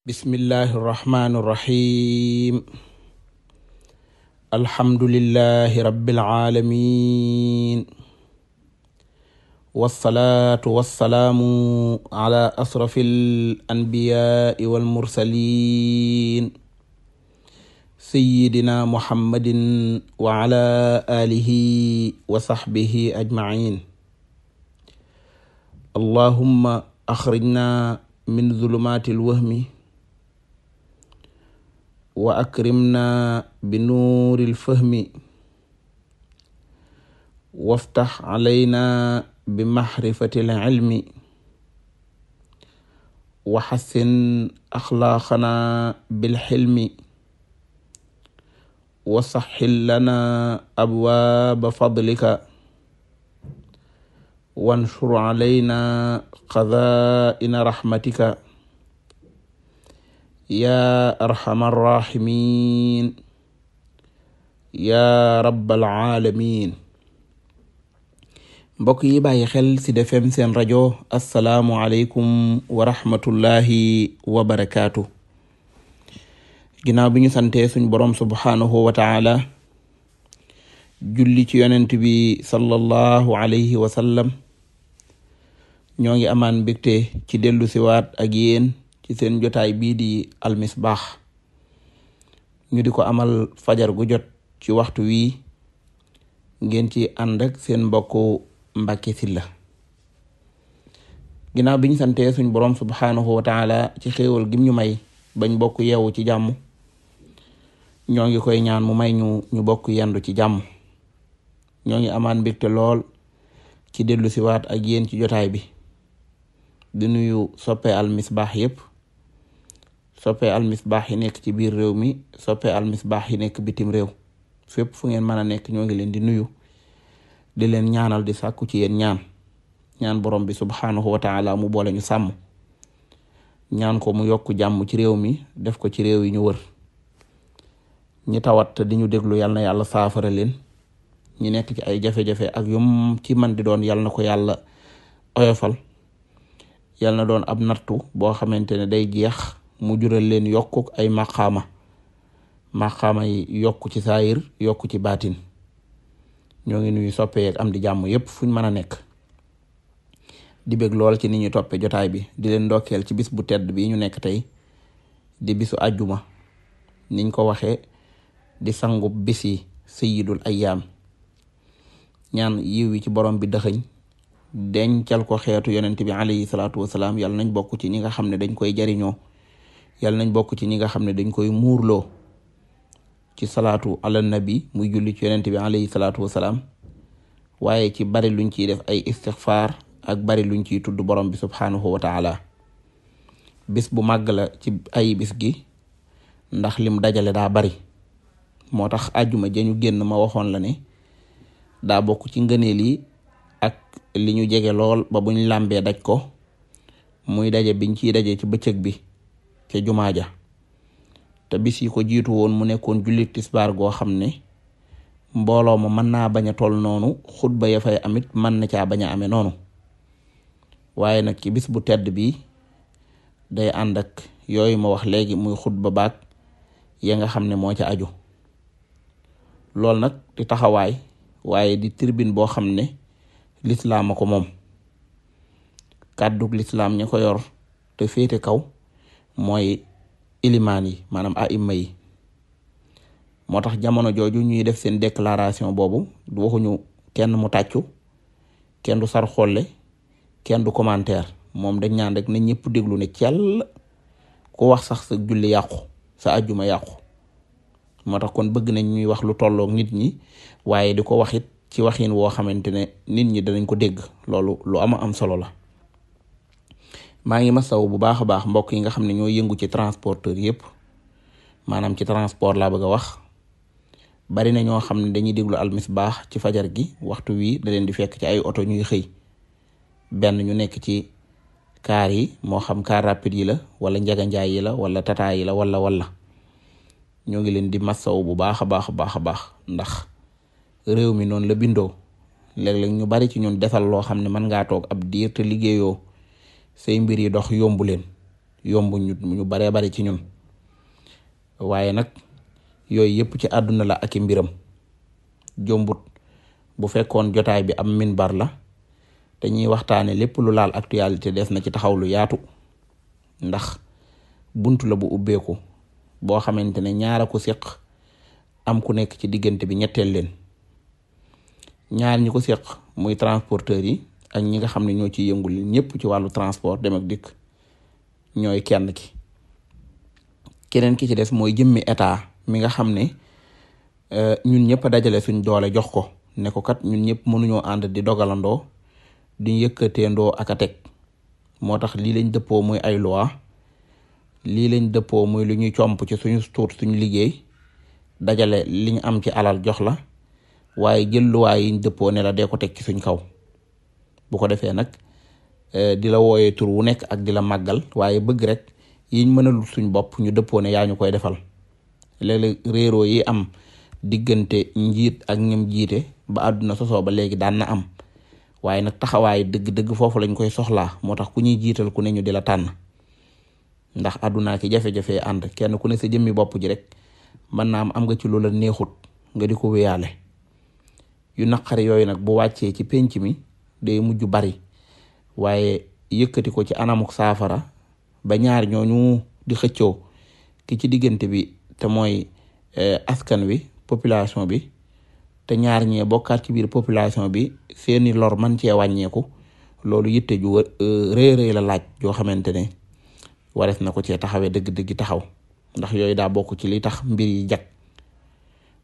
bismillahi irrahmani irrahim alhamdulilahi rabiilalamin walsalaatu walsalaamu ala asrafi alanbiyaai walmursalin sayidina muhammadin wa ala alihi wa saxbihi ajmain allahumma axrijna min zulumaati alwahmi wa akrimna bi nuuril fahmi waftax alayna bi maxrifatil ilmi wa xassin axlaaqana bil xilmi wa saxxil lana abwaaba fadlika wansur alayna xazaa'ina raxmatika yaa arhamar raahimiin yaa rabbal aalamiin mbokk yi bàyyi xel ci Sud FM seen rajo asalaamu aleykum wa rahmatullahi wa barakaatu bi ñu santee suñ boroom subhaanahu wa julli ci yonent bi sallallahu alayhi wa sallam ñoo ngi amaan mbégte ci dellu siwaat ak yéen ci seen jotaay bii di almisbaax ñu di ko amal fajar gu jot ci waxtu wii ngeen ci ànd seen mbokku Mbàkke Sylla ginnaaw bi ñu santee suñ boroom subhaanahu wa taala ci xéewal gim ñu may bañ bokk yeewu ci jàmm ñoo ngi koy ñaan mu may ñu ñu bokk yendu ci jàmm ñoo ngi amaan mbégte lool ci dellu siwaat ak yéen ci jotaay bi di nuyu soppe Al Misbah yépp soppe almisbaax yi nekk ci biir réew mi soppee soppe almisbaax yi nekk bitim réew fépp fu ngeen mën a nekk ñoo ngi leen di nuyu di leen ñaanal di sàkku ci yéen ñaan ñaan borom bi subhaanahu wa taala mu boole ñu sàmm ñaan ko mu yokk jàmm ci réew mi def ko ci réew yi ñu wër ñi tawat di ñu déglu yal na yàlla saafara leen ñi nekk ci ay jafe-jafe ak yum ci man di doon yal na ko yàlla oyofal yal na doon ab nattu boo xamante ne day jeex mu jural leen yokkuk ay maqaama maqaama yi yokku ci saayir yokku ci baatin ñoo ngi nuyu soppe am di jàmm yépp fuñ mën a nekk di bég lool ci ni ñu toppe jotaay bi di leen dokkeel ci bis bu tedd bi ñu nekk tey di bisu àjjuma niñ ko waxee di sangub bis yi ay ayyaam ñaan yiw yi ci borom bi dëxëñ dencal ko xeetu yeneen yonent bi alayhi salaatu wasalaam yàlla nañ bokk ci ñi nga xam ne dañ koy jariñoo yàlla nañ bokk ci ñi nga xam ne dañ koy muurloo ci salaatu ala nabi muy julli ci yonent bi alayhi salaatu wasalaam waaye ci bari luñ ciy def ay istixfaar ak bari luñ ciy tudd borom bi subhaanahu wa taala bis bu màgg la ci ay bis gi ndax lim dajale daa bari moo tax àjjuma jañu génn ma waxoon la ne daa bokk ci ngëneel yi ak li ñu jege lool ba buñ làmbee daj ko muy daje biñ ciy daje ci bëccëg bi ca jumaa ja te bis ko jiitu woon mu nekkoon jullit tisbaar goo xam ne mbooloo ma mën naa bañ a toll noonu xutba ya fay amit mën na caa bañ a amee noonu waaye nag ci bis bu tedd bi day ànd ak yooyu ma wax léegi muy xutba baag ya nga xam ne moo ca ajo loolu nag di taxawaay waaye di tirbin boo xam ne lislaam a ko moom kàddug lislaam ña ko yor te féete kaw mooy ilimaan yi maanaam aima yi moo tax jamono jooju ñuy def seen déclaration boobu du waxuñu kenn mu tàccu kenn du sar xolle kenn du commentaire moom dañ ñaan rek na ñëpp déglu ne cell ku wax sax sa julli yàqu sa ajjuma yàqu moo tax kon bëgg nañ ñuy wax lu tollook nit ñi waaye di ko waxit ci waxin woo xamante ne nit ñi danañ ko dégg loolu lu am am solo la maa ngi masaw bu baax a baax mbokk yi nga xam ne ñoo yëngu ci transporteur yépp maanaam ci transport laa bëgg a wax bari na ñoo xam ne dañuy déglu almisbaax ci fajar gi waxtu wii da leen di fekk ci ay oto ñuy xëy benn ñu nekk ci kaar moo xam car rapide yi la wala njaganjaay yi la wala tata yi la wala wala ñoo ngi leen di masaw bu baax a baax a baax a baax ndax réew mi noonu la bindoo léeg-léeg ñu bari ci ñun defal loo xam ne mën ngaa toog ab diir te liggéeyoo say mbir yi dox yombu leen yomb ñu ñu baree bari ci ñun waaye nag yooyu yëpp ci àdduna la ak mbiram jombut bu fekkoon jotaay bi am minbar la te ñuy waxtaane lépp lu laal actualité des na ci taxaw lu yaatu ndax bunt la bu ubbeeku boo xamante ne ñaara ko séq am ku nekk ci diggante bi ñetteel leen ñaar ñi ko séq muy transporteur yi ak ñi nga xam ne ñoo ciy yëngul ñëpp ci wàllu transport dem ak dikk ñooy kenn ki keneen ki ci des mooy jëmmi état mi nga xam ne euh, ñun ñëpp dajale suñ doole jox ko ne ko kat ñun ñëpp mënuñoo ànd di dogalandoo di yëkkateendoo ak a teg moo tax lii lañ dëppoo muy ay loi lii lañ dëppoo muy lu ñuy comp ci suñu tuut suñu liggéey dajale li ñu am ci alal jox la waaye jël luwaay yiñ dëppoo ne la dee ko teg ci suñ kaw bu ko defee nag euh, di la wooyee tur wu nekk ak di la màggal waaye bëgg rek yiñ mënalul suñ bopp ñu dëppoo ne yaa ñu koy defal léeg-léeg yi am diggante njiit ak ñim jiite ba àdduna sosoo ba léegi daan na am waaye nag taxawaay dëgg-dëgg foofu lañ koy soxlaa moo tax ku ñuy jiital ku ne ñu di la tànn ndax àdduna ki jafe-jafe ànd kenn ku ne sa jëmmi bopp ji rek mën naa am am nga ci loola neexut nga di ko wéyaale yu naqari yooyu nag bu wàccee ci pénc mi day mujj bari waaye yëkkati ko ci anamuk saafara ba ñaar ñooñu di xëccoo ki ci diggante bi te mooy eh, askan wi population bi te ñaar ñee bokkaat ci biir population bi seeni lor man cee wàññeeku loolu yitte ju eh, rëy rëy la laaj joo xamante ne warees na ko cee taxawee dëgg-dëgg taxaw ndax yooyu daa bokk ci li tax mbir yi jag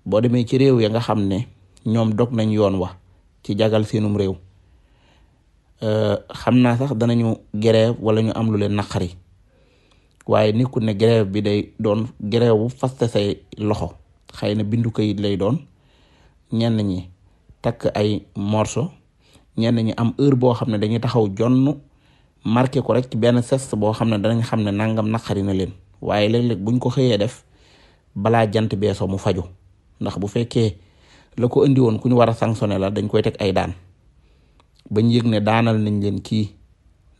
boo demee ci réew ya nga xam ne ñoom dog nañ yoon wa ci jagal seenum réew Euh, xam naa sax danañu grève wala ñu am lu leen naqari waaye nekkul ne grève bi day doon grève bu faste say loxo xëy na bindu kayit lay doon ñenn ñi takk ay morso ñenn ñi am heure boo xam ne dañuy taxaw jonn marqué ko rek ci benn sest boo xam ne danañ xam ne nangam naqari na leen waaye léeg-léeg buñ ko xëyee def balaa jant bee beesoo mu faju ndax bu fekkee la ko indi woon ku ñu war a sanctionné dañ koy teg ay daan bañ yëg ne daanal nañ leen kii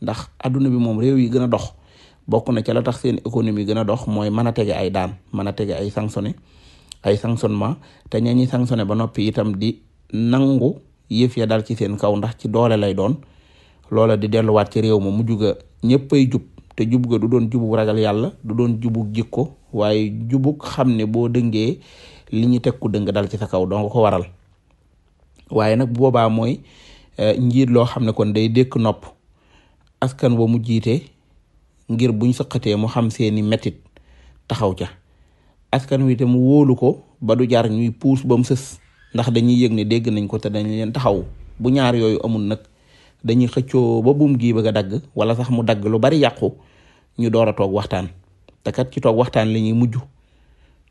ndax adduna bi moom réew yi gën a dox bokk na ca la tax seen économie gën a dox mooy mën a tege ay daan mën a tege ay sanctionné ay sanctionnement te ña ñi sanctionné ba noppi itam di nangu yëf ya dal ci seen kaw ndax ci doole lay doon loola di delluwaat ci réew ma mu juga ñëppay jub te jub ga du doon jubug ragal yàlla du doon jubug jikko waaye jubug xam ne boo dëngee li ñu teg ku dëng dal ci sa kaw doo ko waral waaye nag boobaa Euh, njiit loo xam ne kon day dékk nopp askan wa mu jiite ngir buñ sëqatee mu xam seeni metit taxaw ca askan wiite mu wóolu ko ba du jar ñuy puus ba mu sës ndax dañuy yëg ne dégg nañ ko te dañ taxaw bu ñaar yooyu amul nag dañuy xëccoo ba buum gii ba a dagg wala sax mu dagg lu bari yàqu ñu door a toog waxtaan te kat ci toog waxtaan lañuy mujj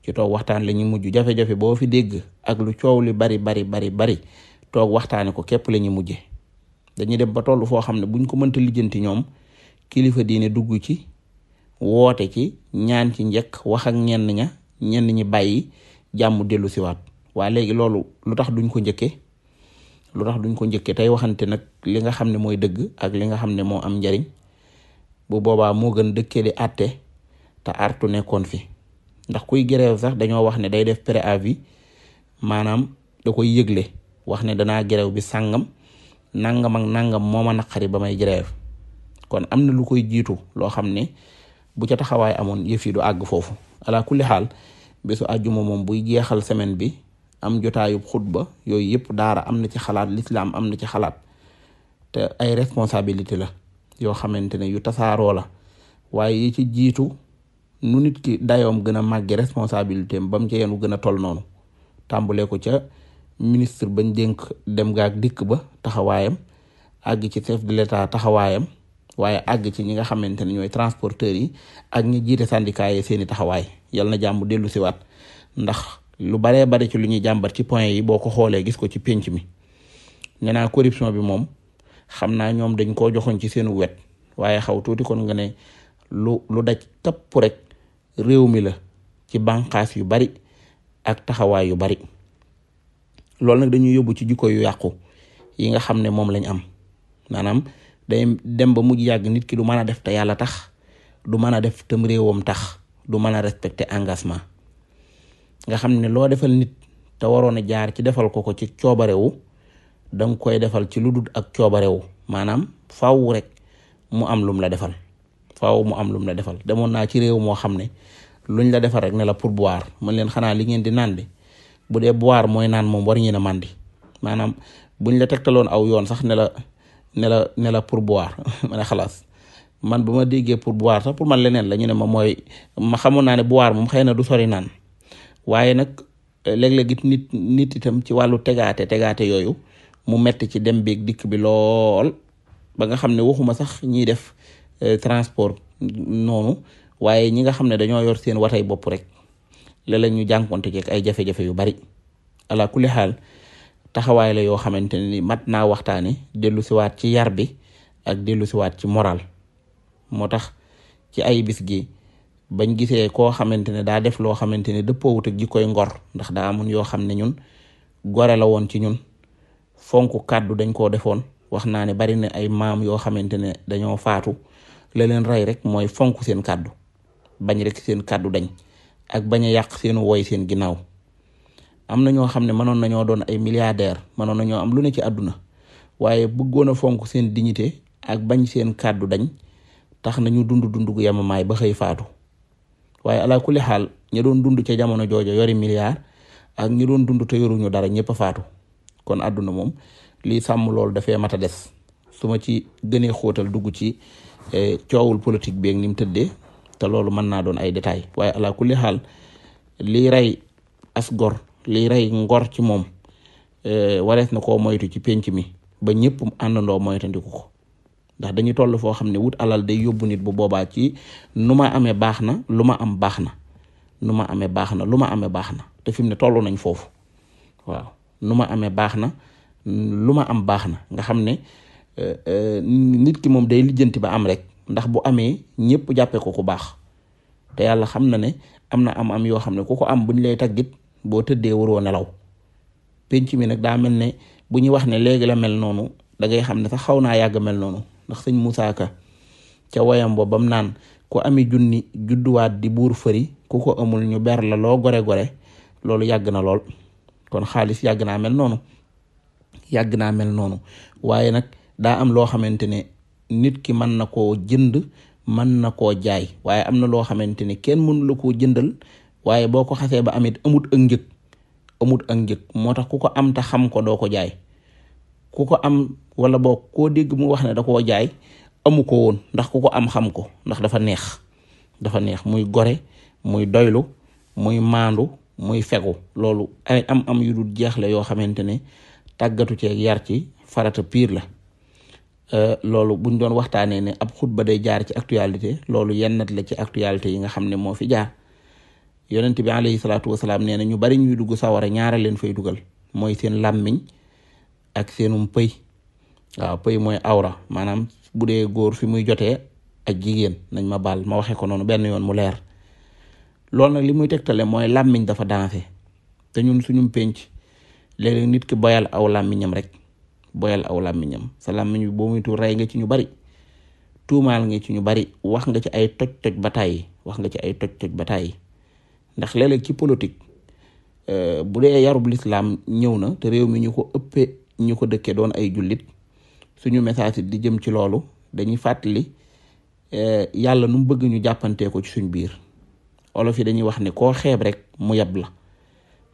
ci toog waxtaan la ñuy mujj jafe-jafe boo fi dégg ak lu coow li bari bari bari bari toog waxtaane ko képp la ñu mujje dañuy dem ba toll foo xam ne buñ ko mënta lijjanti ñoom kilifa diine dugg ci woote ci ñaan ci njëkk wax ak ñenn ña ñenn ñi bàyyi jàmm dellu siwaat waa léegi loolu lu tax duñ ko njëkke lu tax duñ ko njëkke tey waxante nag li nga xam ne mooy dëgg ak li nga xam ne moo am njariñ bu boobaa moo gën dëkkee di àtte te artu nekkoon fi ndax kuy grève sax dañoo wax ne day def préavis maanaam da koy yëgle wax ne danaa grève bi sàngam nangam ak nangam moo ma naqari ba may grève kon am na lu koy jiitu loo xam ne bu ca taxawaay amoon yëf yi du àgg foofu ala kulli xaal bésu àjjuma moom buy jeexal semaine bi am jotaayub xutba yooyu yëpp daara am na ci xalaat lislaam am na ci xalaat te ay responsabilité la yoo xamante ne yu tasaaroo la waaye yi ci jiitu nu nit ki dayoom gën a màgge responsabilité bam ba ca yenu gën a toll noonu tàmbulee ko ca ministre bañ dénk dem nga ak dikk ba taxawaayam àgg ci chef de l'état taxawaayam waaye àgg ci ñi nga xamante ne ñooy transporteurs yi ak ñi jiite syndicat yi seeni taxawaay yal na jàmm dellu siwaat ndax lu baree bari ci lu ñuy jàmbat ci point yi boo ko xoolee gis ko ci pénc mi nee naa corruption bi moom xam naa ñoom dañ koo joxoon ci seenu wet waaye xaw tuuti kon nga ne lu lu daj topp rek réew mi la ci bànqaas yu bari ak taxawaay yu bari loolu nag dañuy yóbbu ci jikko yu yàqu yi nga xam ne moom lañ am maanaam day dem ba mujj yàgg nit ki du mën a def te yàlla tax du mën a def tam réewam tax du mën a respecter engagement nga xam ne loo defal nit te waroon a jaar ci defal ko ko ci coobarewu danga koy defal ci lu dul ak coobarewu maanaam faaw rek mu am lum la defal faw mu am lum la defal demoon naa ci réew moo xam ne luñ la defal rek ne la pour pourboire mën leen xanaa li ngeen di naan de bu dee boir mooy naan moom war ñu ne màndi maanaam bu ñu la tegtaloon aw yoon sax ne la ne la ne pour boir ma ne xalaas man bu ma déggee pour boir sax pour man leneen la ñu ne ma mooy ma xamoon naa ne boire moom xëy na du sori naan waaye nag eh, léeg-léeg it nit nit itam ci wàllu tegaate tegaate yooyu mu metti ci dem béeg dikk bi lool ba nga xam ne waxuma sax ñiy def eh, transport noonu waaye ñi nga xam ne dañoo yor seen watay bopp rek la la ñu jànkonte jeeg ay jafe-jafe yu bari ala kulli xaal taxawaay la yoo xamante ni mat naa waxtaane dellu siwaat ci yar bi ak dellu siwaat ci moral moo tax ci ay bis gi bañ gisee koo xamante ne daa def loo xamante ne dëppoowut ak jikkoy ngor ndax daa amun yoo xam ne ñun gore la woon ci ñun fonk kàddu dañ koo defoon wax naa ne bari na ay maam yoo xamante ne dañoo faatu la leen rey rek mooy fonk seen kàddu bañ rek seen kàddu dañ ak bañ yàq seenu woy seen ginnaaw am na ñoo xam ne mënoon nañoo doon ay milliardaire mënoon nañoo am lu ne ci àdduna waaye bëggoon a fonk seen dignité ak bañ seen kàddu dañ tax nañu dund dund gu yamamaay ba xëy faatu waaye ala kulli xaal ña doon dund cee jamono joojo yori milliard ak ñi doon dund te yoruñu dara ñëpp a faatu kon adduna moom lii sàmm loolu dafee mat a des su ma ci gënee xóotal dugg ci eh, coowul politique beeg ni mu tëddee te loolu mën naa doon ay détails waaye ala kulli xaal lii rey as gor lii rey ngor ci moom euh, warees na ko moytu ci penc mi ba ñëpp àndandoo moytandiku ko ndax dañuy toll foo xam ne wut alal day yóbbu nit bu boobaa ci nu ma amee baax na lu ma am baax na nu ma amee baax na lu ma amee baax na te fi mu ne toll nañ foofu waaw nu ma amee baax na lu ma am baax na nga xam ne euh, euh, nit ki moom day lijjanti ba am rek ndax bu amee ñëpp jàppee ko ku baax te yàlla xam na ne am na am am yoo xam ne ku ko am buñ lay taggit boo tëddee waroo nelaw penc mi nag daa mel ne bu ñu wax ne léegi la mel noonu da xam ne sax xaw naa yàgg mel noonu ndax sëñ Moussa Ka ca woyam ba bam naan ku ami junni judduwaat di buur fëri ku ko amul ñu ber la loo gore gore loolu yàgg na lool kon xaalis yàgg naa mel noonu yàgg naa mel noonu waaye nag daa am loo xamante ne nit ki mën na koo jënd mën na koo jaay waaye am na loo xamante ni kenn mënula la koo jëndal waaye boo ko xasee ba amit amut ak njëg amut ak njëg moo tax ku ko am te xam ko doo ko jaay ku ko am wala boo koo dégg mu wax ne da koo jaay amu ko woon ndax ku ko am xam ko ndax dafa neex dafa neex muy gore muy doylu muy maandu muy fegu loolu am am yu dul jeexle yoo xamante ne tàggatu ceeg yar ci farata piir la Euh, loolu buñ doon waxtaanee ne ab ba day jaar ci actualité loolu yennat la ci actualité yi nga xam ne moo fi jaar yonent bi alayhi salaatu wasalaam nee na ñu bari ñuy dugg sawara ñaara leen fay dugal mooy seen làmmiñ ak seenum pëy waaw pëy mooy awra maanaam bu dee góor fi muy jotee ak jigéen nañ ma baal ma waxee ko noonu benn yoon mu leer loolu nag li muy tegtale mooy làmmiñ dafa dansé te ñun suñum pénc léeg nit ki boyal aw làmmiñam rek boyal aw làmmiñam sa làmmiñ bi boo muytu rey nga ci ñu bari tuumaal nga ci ñu bari wax nga ci ay toj-toj bataay wax nga ci ay toj-toj bataay ndax léeg-léeg ci politique euh, bu dee yarub lislaam ñëw na te réew mi ñu ko ëppee ñu ko dëkkee doon ay jullit suñu message di jëm ci loolu dañuy fàttali euh, yàlla nu bëgg ñu jàppantee ko ci suñu biir olof yi dañuy wax ne koo xeeb rek mu yab la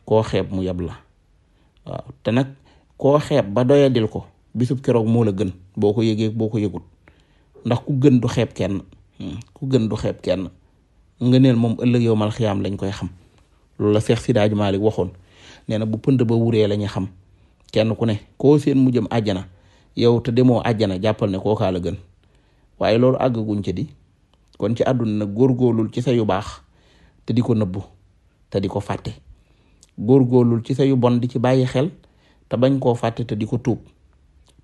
koo xeeb mu yab la waaw te nag koo xeeb ba doyadil ko bisub keroog moo la gën boo ko yëgee boo ko yëgut ndax ku gën du xeeb kenn hmm. ku gën du xeeb kenn nga neel moom ëllëg yow mal xiyaam lañ koy xam loolu la Seex Sidaaj Maalik waxoon nee na bu pënd ba wuree la xam kenn ku ne koo seen mu jëm àjjana yow te demoo àjjana jàppal ne kookaa la gën waaye loolu àggaguñ ci di kon ci àdduna góor góorgóorlul ci sa yu baax te di ko nëbbu te di ko fàtte góorgóorlul ci sayu bon di ci bàyyi xel te bañ koo fàtte te di ko tuub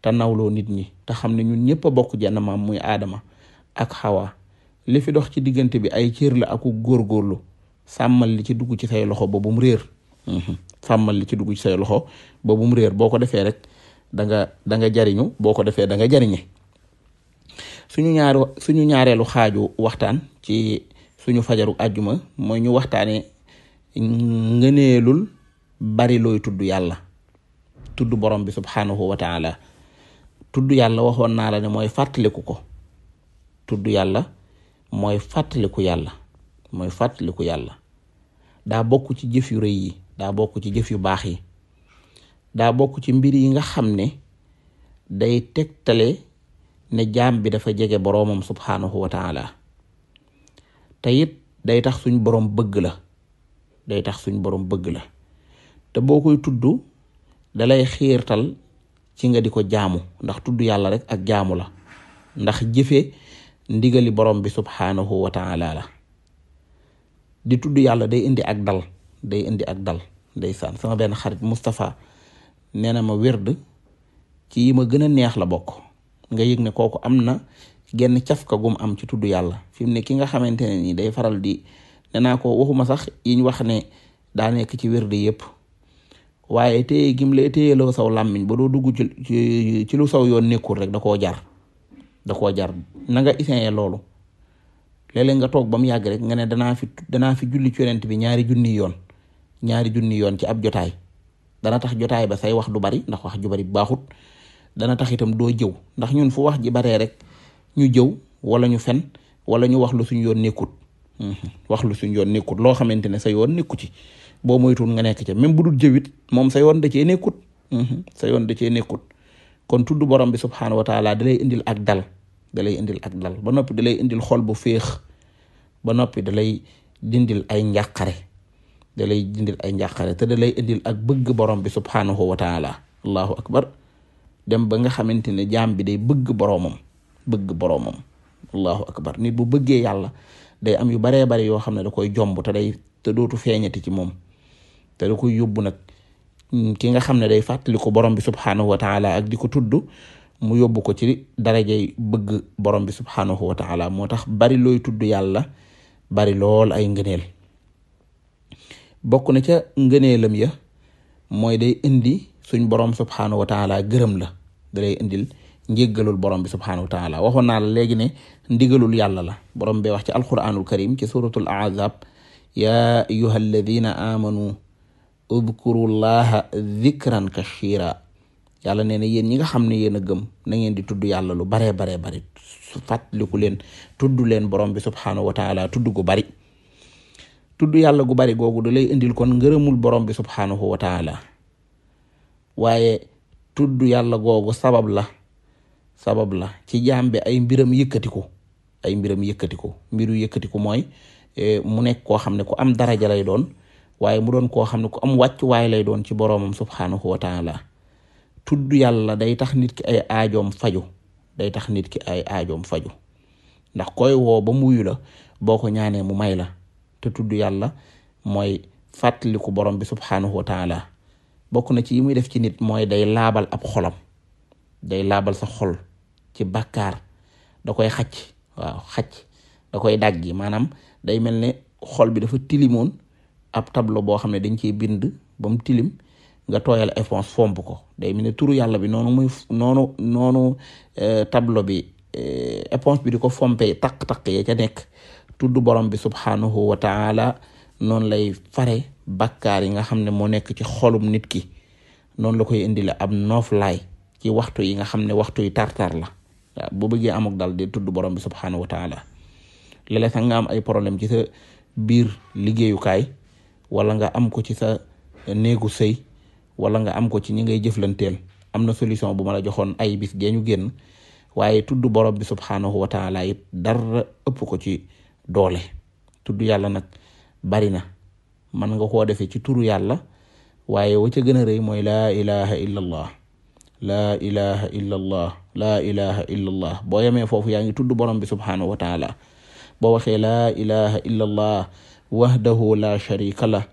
te nawloo nit ñi te xam ne ñun ñëpp a bokk jenn maam muy aadama ak xawa li fi dox ci diggante bi ay cër la aku góor góorlu li ci dugg ci say loxo ba mu réer sàmmal li ci dugg ci say loxo ba bu mu mhm. réer boo ko defee rek da nga da jariñu boo ko defee da nga jariñe suñu ñaaru ñaareelu xaaju waxtaan ci suñu fajaru àjjuma mooy ñu waxtaane ngëneelul bari looy tudd yàlla tuddu borom bi subhaanahu wa taala tudd yàlla waxoon naa la ne mooy fàttaliku ko tuddu yàlla mooy fàttaliku yàlla mooy fàttaliku yàlla daa bokk ci jëf yu rëy yi daa bokk ci jëf yu baax yi daa bokk ci mbir yi nga xam ne day tegtale ne jaam bi dafa jege boroomam subhaanahu wa taala te it day tax suñ borom bëgg la day tax suñ borom bëgg la te boo koy tudd dalay xiirtal ci nga di ko jaamu ndax tudd yàlla rek ak jaamu la ndax jëfe ndigali borom bi subhaanahu wa taala la di tudd yàlla day indi ak dal day indi ak dal ndeysaan sama benn xarit Moustapha nee na ma wérd ci yi ma gën a neex la bokk nga yëg ne kooku am na genn cafka gum am ci tudd yàlla fi mu ne ki nga xamante ne nii day faral di ne naa ko waxuma sax yiñ wax ne daa nekk ci wérd yépp waaye téye gim la téyeloo saw làmmiñ ba doo dugg ci ci lu saw yoon nekkul rek da koo jar da koo jar na nga essayé loolu léeg nga toog ba mu yàgg rek nga ne danaa fi danaa fi julli ci bi ñaari junni yoon ñaari junni yoon ci ab jotaay dana tax jotaay ba say wax du bari ndax wax ju bari baaxut dana tax itam doo jëw ndax ñun fu wax ji baree rek ñu jëw wala ñu fen wala ñu wax lu suñ yoon nekkut mhm. wax lu suñ yoon nekkut loo xamante ne sa yoon nekku ci boo moytuwul nga nekk ca même bu dul jëwit moom sa yoon da cee nekkut mhm. sa yoon da cee nekkut kon tuddu borom bi subxanahu wa taala da lay indil ak dal da indil ak dal ba noppi da lay indil xol bu féex ba noppi da lay dindil ay njaqare da lay ay njàqare te da lay indil ak bëgg borom bi subxanahu wa taala allahu akbar dem ba nga xamante ne jaam bi day bëgg boromam bëgg boromam allahu akbar nit bu bëggee yàlla day am yu baree bari yoo xam ne da koy jomb te day te dootu feeñati ci moom. te da koy yóbbu nag mm, ki nga xam ne day fàttali borom bi subhaanahu wa taala ak di ko tudd mu yóbbu ko ci darajay bëgg borom bi subhaanahu wa taala moo tax bari looy tudd yàlla bari lool ay ngëneel bokk na ca ngëneelam ya mooy day indi suñ borom subhaanahu wa taala gërëm la da indil njéggalul borom bi subhaanahu wa taala waxoon naa la léegi ne ndigalul yàlla la borom bi wax ci alquranul karim ci suuratul ahzab ya ayyuha amanu udkurullaha dhikran kashira yàlla nee na yéen ñi nga xam ne yéen a gëm na ngeen di tudd yàlla lu baree baree bari su fàttaliku leen tudd leen borom bi subhaanahu wa taala tudd gu bari tudd yàlla gu bari googu da lay indil kon ngërëmul borom bi subhaanahu wa taala waaye tudd yàlla googu sabab la sabab la ci jaam bi ay mbiram yëkkatiku ay mbiram yëkkatiku mbiru yëkkatiku mooy eh, mu nekk koo xam ne ku am daraja lay doon waaye mu doon koo xam ne ku am wàccuwaay lay doon ci boroomam subhaanahu wa tuddu tudd yàlla day tax nit ki ay aajoom faju day tax nit ki ay aajoom faju ndax koy woo ba muyu la boo ko ñaanee mu may la te tudd yàlla mooy fàttaliku borom bi subhaanahu wa taala bokk na ci yi muy def ci nit mooy day laabal ab xolam day laabal sa xol ci bakkaar da koy xacc waaw xacc da koy dàggi maanaam day mel ne xol bi dafa tilimoon ab tableau boo xam ne dañ cee bind ba mu tilim nga tooyal éponge fomp ko day mu ne turu yàlla bi noonu mooy noonu noonu euh, tablo bi éponge euh, bi di ko fompee taq-taq ya ca nekk tudd borom bi subhaanahu wa taala noonu lay fare bakkaar yi nga xam ne moo nekk ci xolum nit ki noonu la koy indile am nooflaay ci waxtu yi nga xam ne waxtu yi tartar la waaw bu bëggee amuk dal di tudd borom bi subhaanahu wa taala léeg-léeg ay problème ci sa biir liggéeyukaay wala nga am ko ci sa néegu sëy wala nga am ko ci ñi ngay jëflanteel am na solution bu ma la joxoon ay bis gee ñu génn waaye tudd borom bi subhaanahu wa taala it dara ëpp ko ci doole tudd yàlla nag bari na man nga koo defee ci turu yàlla waaye wa ca gën rëy mooy laa illa allah illa allah laa ilaha illa allah boo yemee foofu yaa ngi tudd borom bi subhaanahu wa taala waxee laa ilaha wahdahu la sharika lah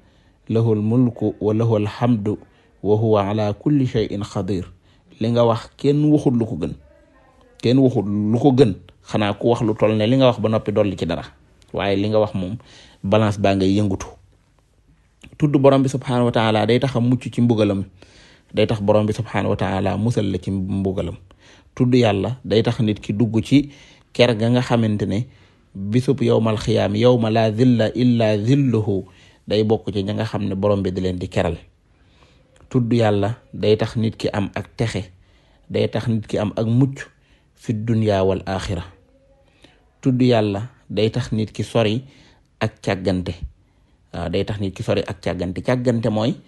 lahul mulku wa lahul hamdu wa huwa ala kulli shay'in qadir li nga wax kenn waxul lu ko gën kenn waxul lu ko gën xanaa ku wax lu toll ne li nga wax ba noppi dolli ci dara waaye li nga wax moom balance baa ngay yëngutu tudd borom bi subxanahu wa day tax a mucc ci mbugalam day tax borom bi subxanahu wa musal la ci mbugalam tudd yàlla day tax nit ki dugg ci ker ga nga xamante ne. bisub yowmal xiyaam yowma laa zilla illa zilluhu day bokk ci ña nga xam ne borom bi di leen di keral tudd yàlla day tax nit ki am ak texe day tax nit ki am ak mucc fi dunya wal axira tudd yàlla day tax nit ki sori ak càggante waaw day tax nit ki sori ak càggante càggante mooy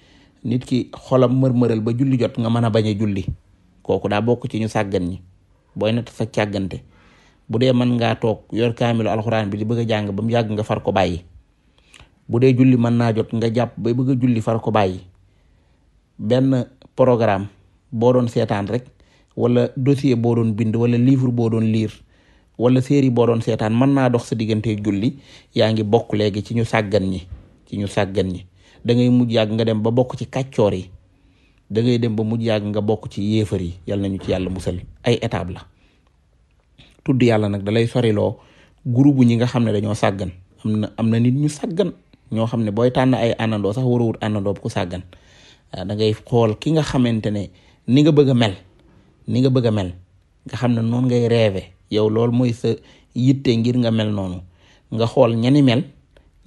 nit ki xolam mërmëral ba julli jot nga mën a bañ a julli kooku daa bokk ci ñu sàggan ñi booy natt sa càggante bu dee man ngaa toog yor kaamilu alxuraan bi di bëgg a jàng ba mu yàgg nga far ko bàyyi bu dee julli mën naa jot nga jàpp ba bëgg a julli far ko bàyyi benn programme boo doon seetaan rek wala dossier boo doon bind wala livre boo doon liir wala série boo doon seetaan mën naa dox sa diggante julli yaa ngi bokk léegi ci ñu sàggan ñi ci ñu sàggan ñi da ngay mujj yàgg nga dem ba bokk ci kàccoor yi da ngay dem ba mujj yàgg nga bokk ci yéefar yi yàlla nañu ci yàlla musal ay étape la tudd yàlla nag dalay soriloo groupe ñi nga xam ne dañoo sàggan am na am na nit ñu saggan ñoo xam ne booy tànn ay àndandoo sax war a wut àndandoo bu ko sàggan ah, da xool ki nga xamante ne ni nga bëgg mel ni nga bëgg a mel nga xam ne noon ngay rêvé yow loolu mooy sa yitte ngir nga mel noonu nga xool ñani mel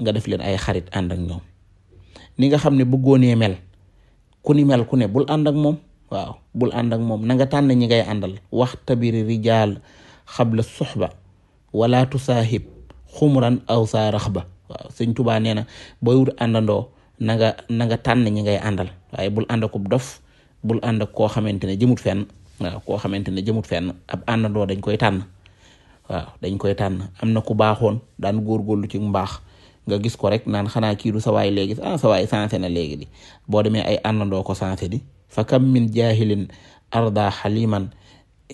nga def leen ay xarit ànd ak ñoom ni nga xam ne bëggoonee mel ku mel ku bul ànd moom waaw bul ànd moom na nga tànn ñi ngay àndal waxta biri xabla suxba wala tusaahib xumuran aw saa raxba waaw sëñ tubaa nee na booy wut àndandoo na nga na nga tànn ñi ngay àndal waaye bul ànd akub dof bul ànd ak koo xamante ne jëmut fenn waaw koo xamante ne jëmut fenn ab àndandoo dañ koy tànn waaw dañ koy tànn am na ku baaxoon daan góorgóorlu ci mbaax nga gis ko rek naan xanaa kii du sawaay léegi ah sansé na léegi di boo demee ay àndandoo ko sansé di fa kam min jaahilin arda xaliman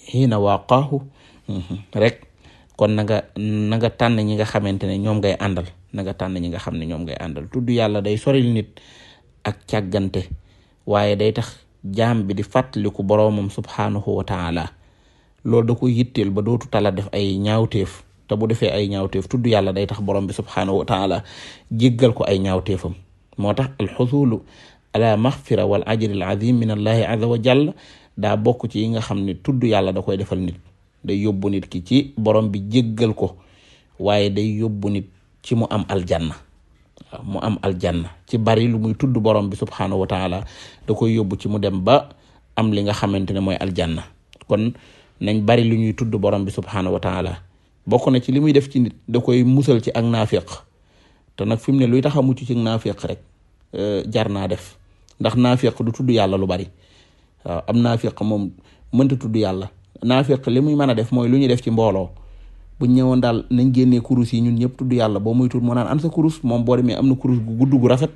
xiina waaqaahu Mm-hmm. rek kon na nga na nga tànn ñi nga xamante ne ñoom ngay àndal na nga tànn ñi nga xam ne ñoom ngay àndal tudd yàlla day soril nit ak càggante waaye day tax jaam bi di fàttaliku boroomam subhaanahu wa taala loolu da ko yitteel ba dootu tala def ay ñaawteef te bu defee ay ñaawteef tudd yàlla day tax borom bi subhaanahu wa taala jéggal ko ay ñaawteefam moo tax alxusulu ala maxfira wal ajri al azim min allahi aza wa jalla daa bokk ci yi nga xam ne tudd yàlla da koy defal nit day yóbbu nit ki ci borom bi jéggal ko waaye day yóbbu nit ci mu am aljanna waaw mu am aljanna ci bari lu muy tudd borom bi subxanahu wa taala da koy yóbbu ci mu dem ba am li nga xamante ne mooy aljanna kon nañ bari lu ñuy tudd borom bi subxanahu wa taala bokk na ci li muy def ci nit da koy musal ci ak naafiq te nag fi mu ne luy taxa a mucc ci naafiq rek euh, jar naa def ndax naafiq du tudd yàlla lu bari waaw am naafiq moom mënta tudd yàlla. naafiq li muy mën a def mooy lu ñuy def ci mbooloo bu ñëwoon daal nañ génnee kurus yi ñun ñëpp tudd yàlla boo muy tudd mu naan am sa kurus moom boo demee am na kurus gu gudd gu rafet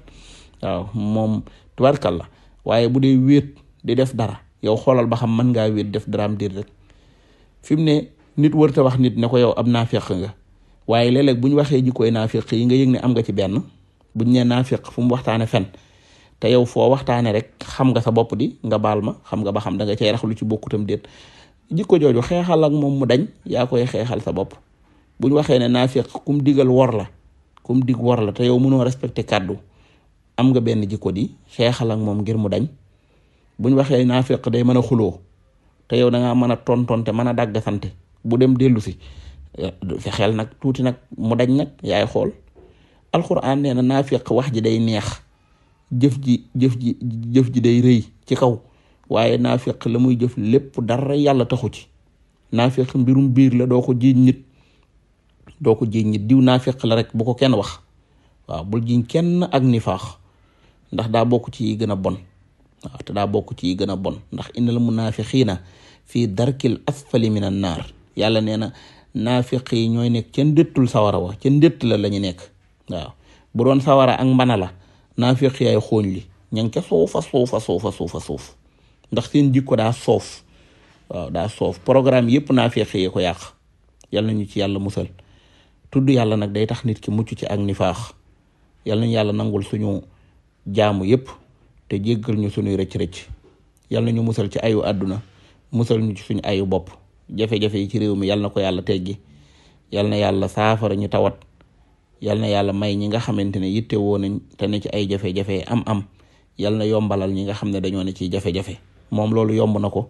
waaw moom tubaarkal la waaye bu dee wéet di def dara yow xoolal ba xam mën ngaa wéet def daraam diir rek fi mu ne nit wër te wax nit ne ko yow am naafiq nga waaye léeg-léeg bu ñu waxee jikkoy naafiq yi nga yëg ne am nga ci benn buñ ne naafiq fu mu waxtaane fen te yow foo waxtaane rek xam nga sa bopp di nga baal ma xam nga ba xam da nga cay rax lu ci bokkutam déet jikko jooju xeexal ak moom mu dañ yaa koy xeexal sa bopp buñ waxee ne naafiq kum digal wor la kum dig wor la te yow mënoo respecté kàddu am nga benn jikko di xeexal ak moom ngir mu dañ buñ waxee naafiq day mën a xuloo te yow da ngaa mën a tontonte mën a dagg sante bu dem dellu si fexeel nag tuuti nag mu dañ nag yaay xool alxuraan nee na naafiq wax ji day neex jëf ji jëf ji jëf ji day rëy ci kaw waaye naafiq la muy jëf lépp dara yàlla taxu ci naafiq mbirum biir la doo ko jiiñ nit doo ko jiiñ nit diw naafiq la rek bu ko kenn wax waaw bul jiiñ kenn ak nifaax ndax daa bokk ci yi gën a bon waaw te daa bokk ci yi gën a bon ndax innal munaafiqiina fii darkil asfali naar yàlla nee na naafiq yi ñooy nekk ca ndëttul sawara wa ca ndëtt la lañu nekk waaw bu doon sawara ak mbana la naafiq yaay xooñ li ña ngi ca suufa suufa suufa suufa suuf ndax seen jikko daa soof waaw daa soof programme yëpp naa fee xëyee ko yàq yal nañu ci yàlla musal tudd yàlla nag day tax nit ki mucc ci ak nifaax yal nañu yàlla nangul suñu jaamu yëpp te jéggal ñu suñuy rëcc-rëcc yal nañu musal ci ayu àdduna musal ñu ci suñu ayu bopp jafe-jafe yi ci réew mi yal na ko yàlla teggi yal na yàlla saafara ñu tawat yal na yàlla may ñi nga xamante ne yitte nañ te ci ay jafe am am yal na yombalal ñi nga xam ne dañoo ne ciy jafe-jafe moom loolu yomb na ko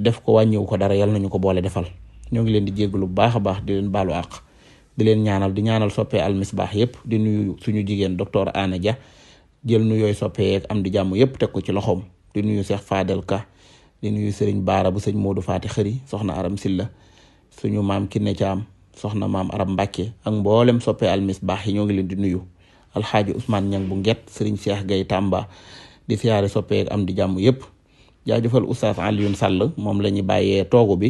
def ko wàññiwu ko dara yal nañu ko boole defal ñoo ngi leen di jéggalu bu baax a baax di leen baalu àq di leen ñaanal di ñaanal soppee almisbaax yëpp di nuyu suñu jigéen docteur Anna Dia jël nu soppee am di jàmm yëpp teg ko ci loxoom di nuyu Cheikh Fadel Ka di nuyu Serigne Baara bu sëñ Modou Faati Xëri soxna Aram Silla suñu maam Kiné Caam soxna maam Aram Mbàkke ak mboolem soppee almisbaax yi ñoo ngi leen di nuyu alxaaji Ousmane Ñang bu nget Serigne Cheikh Gay Tamba di siyaare soppee am di jàmm yëpp jaajëfal oustaz Alioune Sall moom la ñu bàyyee toogu bi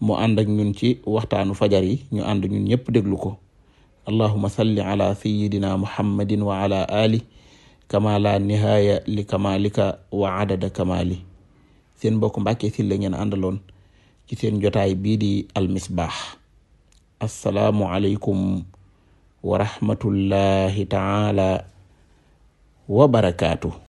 mu ànd ak ñun ci waxtaanu fajar yi ñu ànd ñun ñëpp déglu ko allahuma salli ala sayidina muhammadin wa ala ali kama la nihaaya li kamalika wa adada kamali seen mbokk Mbàkke Sylla ngeen àndaloon ci seen jotaay bii di almisbaax assalaamu aleykum wa rahmatullahi taala wa barakaatu